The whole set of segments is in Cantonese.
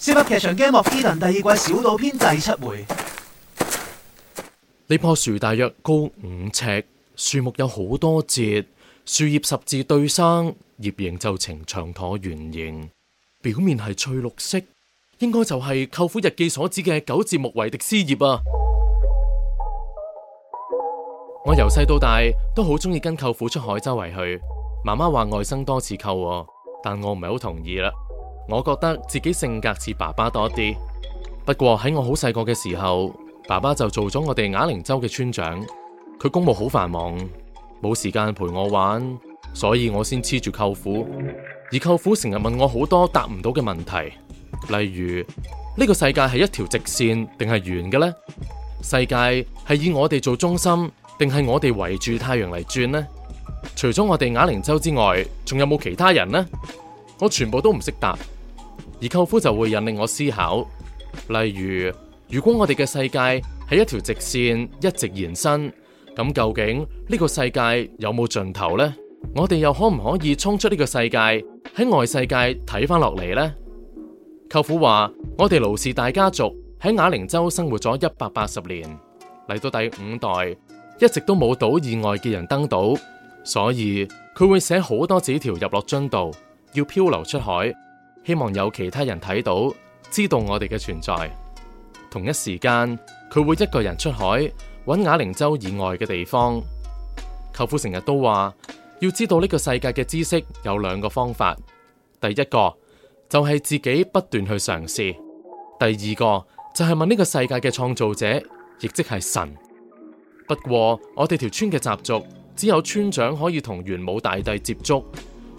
《Zip 噏劇場】Game of Eden 第二季小島篇第七回。呢棵樹大約高五尺，樹木有好多節，樹葉十字對生，葉形就呈長橢圓形，表面係翠綠色，應該就係舅父日記所指嘅九節木維迪斯葉啊！我由細到大都好鍾意跟舅父出海周圍去，媽媽話外甥多似舅，但我唔係好同意啦。我覺得自己性格似爸爸多啲，不過喺我好細個嘅時候，爸爸就做咗我哋啞鈴洲嘅村長，佢公務好繁忙，冇時間陪我玩，所以我先黐住舅父，而舅父成日問我好多答唔到嘅問題，例如呢個世界係一條直線定係圓嘅呢？世界係以我哋做中心，定係我哋圍住太陽嚟轉呢？除咗我哋啞鈴洲之外，仲有冇其他人呢？」我全部都唔識答，而舅父就會引領我思考。例如，如果我哋嘅世界係一條直線一直延伸，咁究竟呢個世界有冇盡頭呢？我哋又可唔可以衝出呢個世界，喺外世界睇翻落嚟呢？舅父話：我哋盧氏大家族喺啞鈴洲生活咗一百八十年，嚟到第五代，一直都冇島以外嘅人登島，所以佢會寫好多紙條入落樽度。要漂流出海，希望有其他人睇到，知道我哋嘅存在。同一時間，佢會一個人出海，搵啞鈴洲以外嘅地方。舅父成日都話，要知道呢個世界嘅知識有兩個方法，第一個就係自己不斷去嘗試，第二個就係問呢個世界嘅創造者，亦即係神。不過我哋條村嘅習俗，只有村長可以同玄武大帝接觸。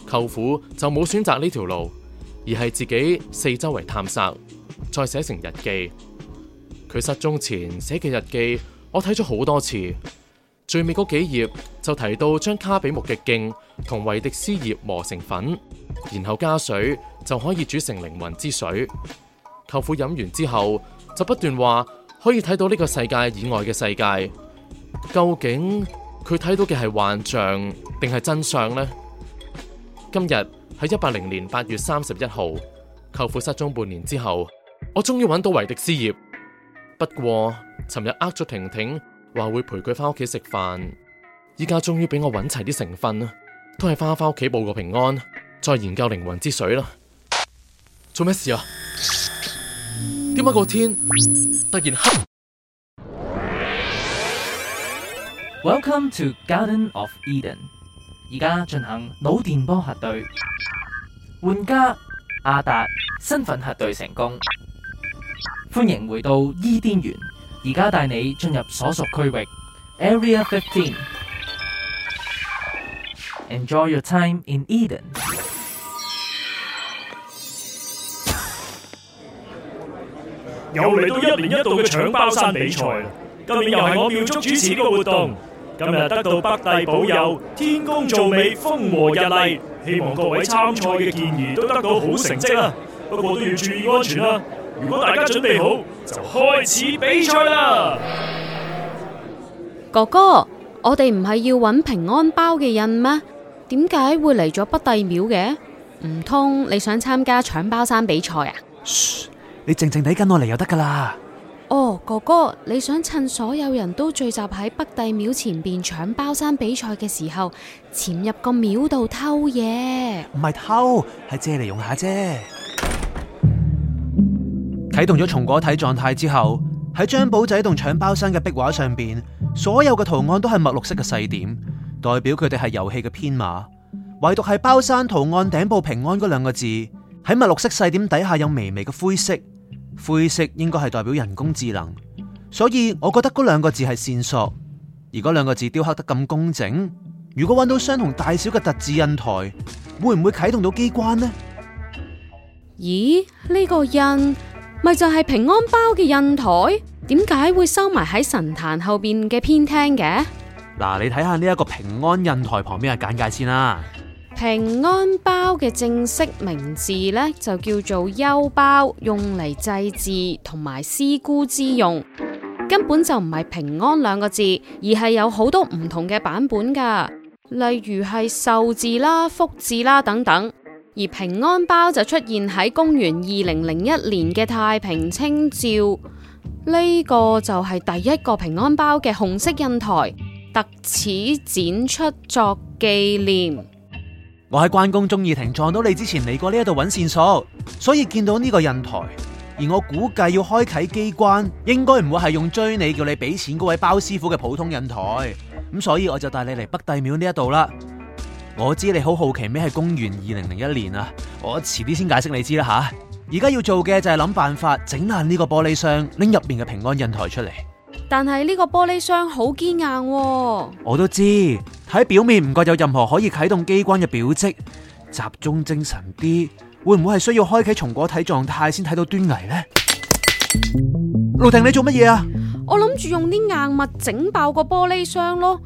舅父就冇選擇呢條路，而係自己四周圍探索，再寫成日記。佢失蹤前寫嘅日記，我睇咗好多次。最尾嗰幾頁就提到將卡比木嘅莖同維迪斯葉磨成粉，然後加水就可以煮成靈魂之水。舅父飲完之後就不斷話可以睇到呢個世界以外嘅世界。究竟佢睇到嘅係幻象定係真相呢？今日喺一八零年八月三十一號，舅父失蹤半年之後，我終於揾到維迪斯葉。不過尋日呃咗婷婷，話會陪佢翻屋企食飯。依家終於俾我揾齊啲成分啦，都係翻返屋企報個平安，再研究靈魂之水啦。做咩事啊？點解個天突然黑？Welcome to Garden of Eden。而家進行腦電波核對，玩家阿達身份核對成功，歡迎回到伊甸園，而家帶你進入所屬區域 Area Fifteen，Enjoy your time in Eden。又嚟到一年一度嘅搶包山比賽啦，今年又係我廟祝主持呢個活動。今日得到北帝保佑，天公造美，風和日麗，希望各位參賽嘅健兒都得到好成績啦。不過都要注意安全啦。如果大家準備好，就開始比賽啦。哥哥，我哋唔係要揾平安包嘅印咩？點解會嚟咗北帝廟嘅？唔通你想參加搶包山比賽啊？噓，你靜靜地跟我嚟就得噶啦。哦，哥哥，你想趁所有人都聚集喺北帝廟前邊搶包山比賽嘅時候，潛入個廟度偷嘢？唔係偷，係借嚟用下啫。啟 動咗松果體狀態之後，喺張保仔洞搶包山嘅壁畫上邊，所有嘅圖案都係墨綠色嘅細點，代表佢哋係遊戲嘅編碼。唯獨係包山圖案頂部平安嗰兩個字，喺墨綠色細點底下有微微嘅灰色。灰色應該係代表人工智能，所以我覺得嗰兩個字係線索，而嗰兩個字雕刻得咁工整。如果搵到相同大小嘅凸字印台，會唔會啟動到機關呢？咦，呢、這個印咪就係平安包嘅印台？點解會收埋喺神壇後邊嘅偏殿嘅？嗱、啊，你睇下呢一個平安印台旁邊嘅簡介先啦。選平安包嘅正式名字呢，就叫做幽包，用嚟祭祀同埋施孤之用，根本就唔係平安兩個字，而係有好多唔同嘅版本噶。例如係壽字啦、福字啦等等。而平安包就出現喺公元二零零一年嘅太平清醮呢，這個就係第一個平安包嘅紅色印台，特此展出作紀念。我喺關公忠義亭撞到你之前嚟過呢一度揾線索，所以見到呢個印台，而我估計要開啟機關，應該唔會係用追你叫你俾錢嗰位包師傅嘅普通印台，咁所以我就帶你嚟北帝廟呢一度啦。我知你好好奇咩係公元二零零一年啊，我遲啲先解釋你知啦吓。而家要做嘅就係諗辦法整爛呢個玻璃箱，拎入邊嘅平安印台出嚟。但係呢個玻璃箱好堅硬喎。我都知。喺表面唔覺有任何可以啟動機關嘅表跡，集中精神啲，會唔會係需要開啟松果體狀態先睇到端倪呢？盧婷， 你做乜嘢啊？我諗住用啲硬物整爆個玻璃箱咯，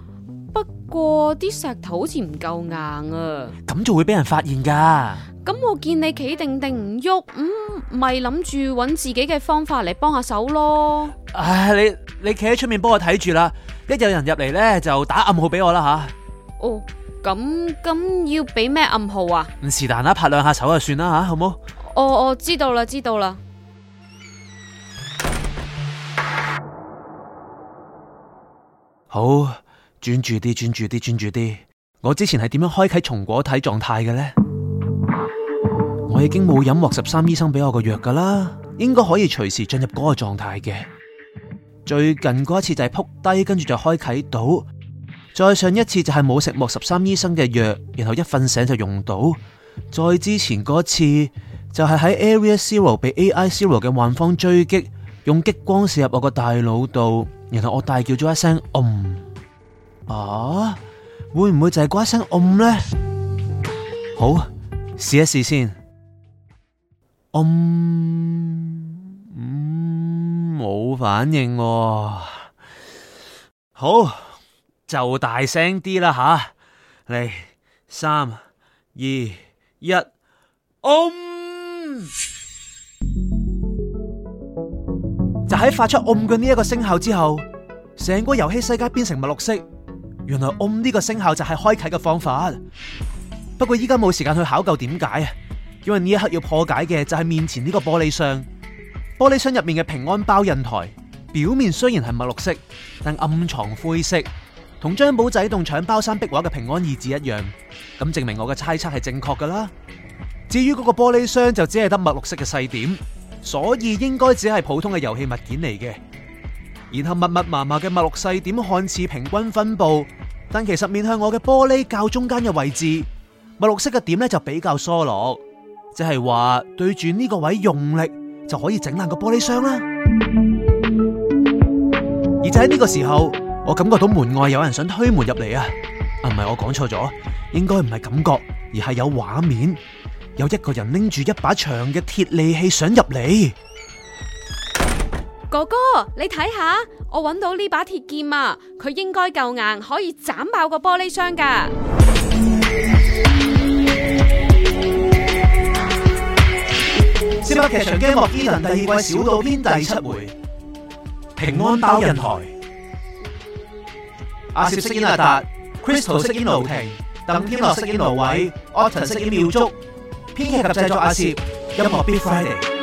不過啲石頭好似唔夠硬啊。咁就會俾人發現噶。咁我見你企定定唔喐，咁咪諗住搵自己嘅方法嚟幫下手咯。唉，你你企喺出面幫我睇住啦。一有人入嚟咧，就打暗號俾我啦吓。啊、哦，咁咁要俾咩暗號啊？唔是但啦，拍兩下手就算啦吓、啊，好冇？哦哦，知道啦，知道啦。好，專注啲，專注啲，專注啲。我之前係點樣開啟松果體狀態嘅咧？我已經冇飲莫十三醫生俾我個藥噶啦，應該可以隨時進入嗰個狀態嘅。最近嗰一次就係撲低，跟住就開啟到；再上一次就係冇食莫十三醫生嘅藥，然後一瞓醒就用到；再之前嗰次就係喺 Area Zero 被 AI Zero 嘅幻方追擊，用激光射入我個大腦度，然後我大叫咗一聲 “OM” 啊！會唔會就係嗰一聲 “OM” 呢？好，試一試先。OM。冇反應。啊，好，好就大聲啲啦吓，嚟三二一，OM！就喺發出 OM 嘅呢一個聲效之後，成個遊戲世界變成墨綠色。原來 OM 呢個聲效就係開啟嘅方法。不過依家冇時間去考究點解，因為呢一刻要破解嘅就係面前呢個玻璃箱。玻璃箱入面嘅平安包印台表面雖然係墨綠色，但暗藏灰色，同張保仔洞搶包山壁畫嘅平安二字一樣，咁證明我嘅猜測係正確噶啦。至於嗰個玻璃箱就只係得墨綠色嘅細點，所以應該只係普通嘅遊戲物件嚟嘅。然後密密麻麻嘅墨綠細點看似平均分布，但其實面向我嘅玻璃較中間嘅位置，墨綠色嘅點咧就比較疏落，即係話對住呢個位用力。就可以整爛個玻璃箱啦！而就喺呢個時候，我感覺到門外有人想推門入嚟啊！啊，唔係我講錯咗，應該唔係感覺，而係有畫面，有一個人拎住一把長嘅鐵利器想入嚟。哥哥，你睇下，我揾到呢把鐵劍啊，佢應該夠硬，可以斬爆個玻璃箱㗎。Zip 噏劇場 Game of Eden《第二季小島篇》第七回《平安包印台》。阿攝飾演阿達，Crystal 飾演盧婷，鄧天樂飾演盧葦，Autumn 飾演妙竹。編劇及製作阿攝，音樂 Beef Friday。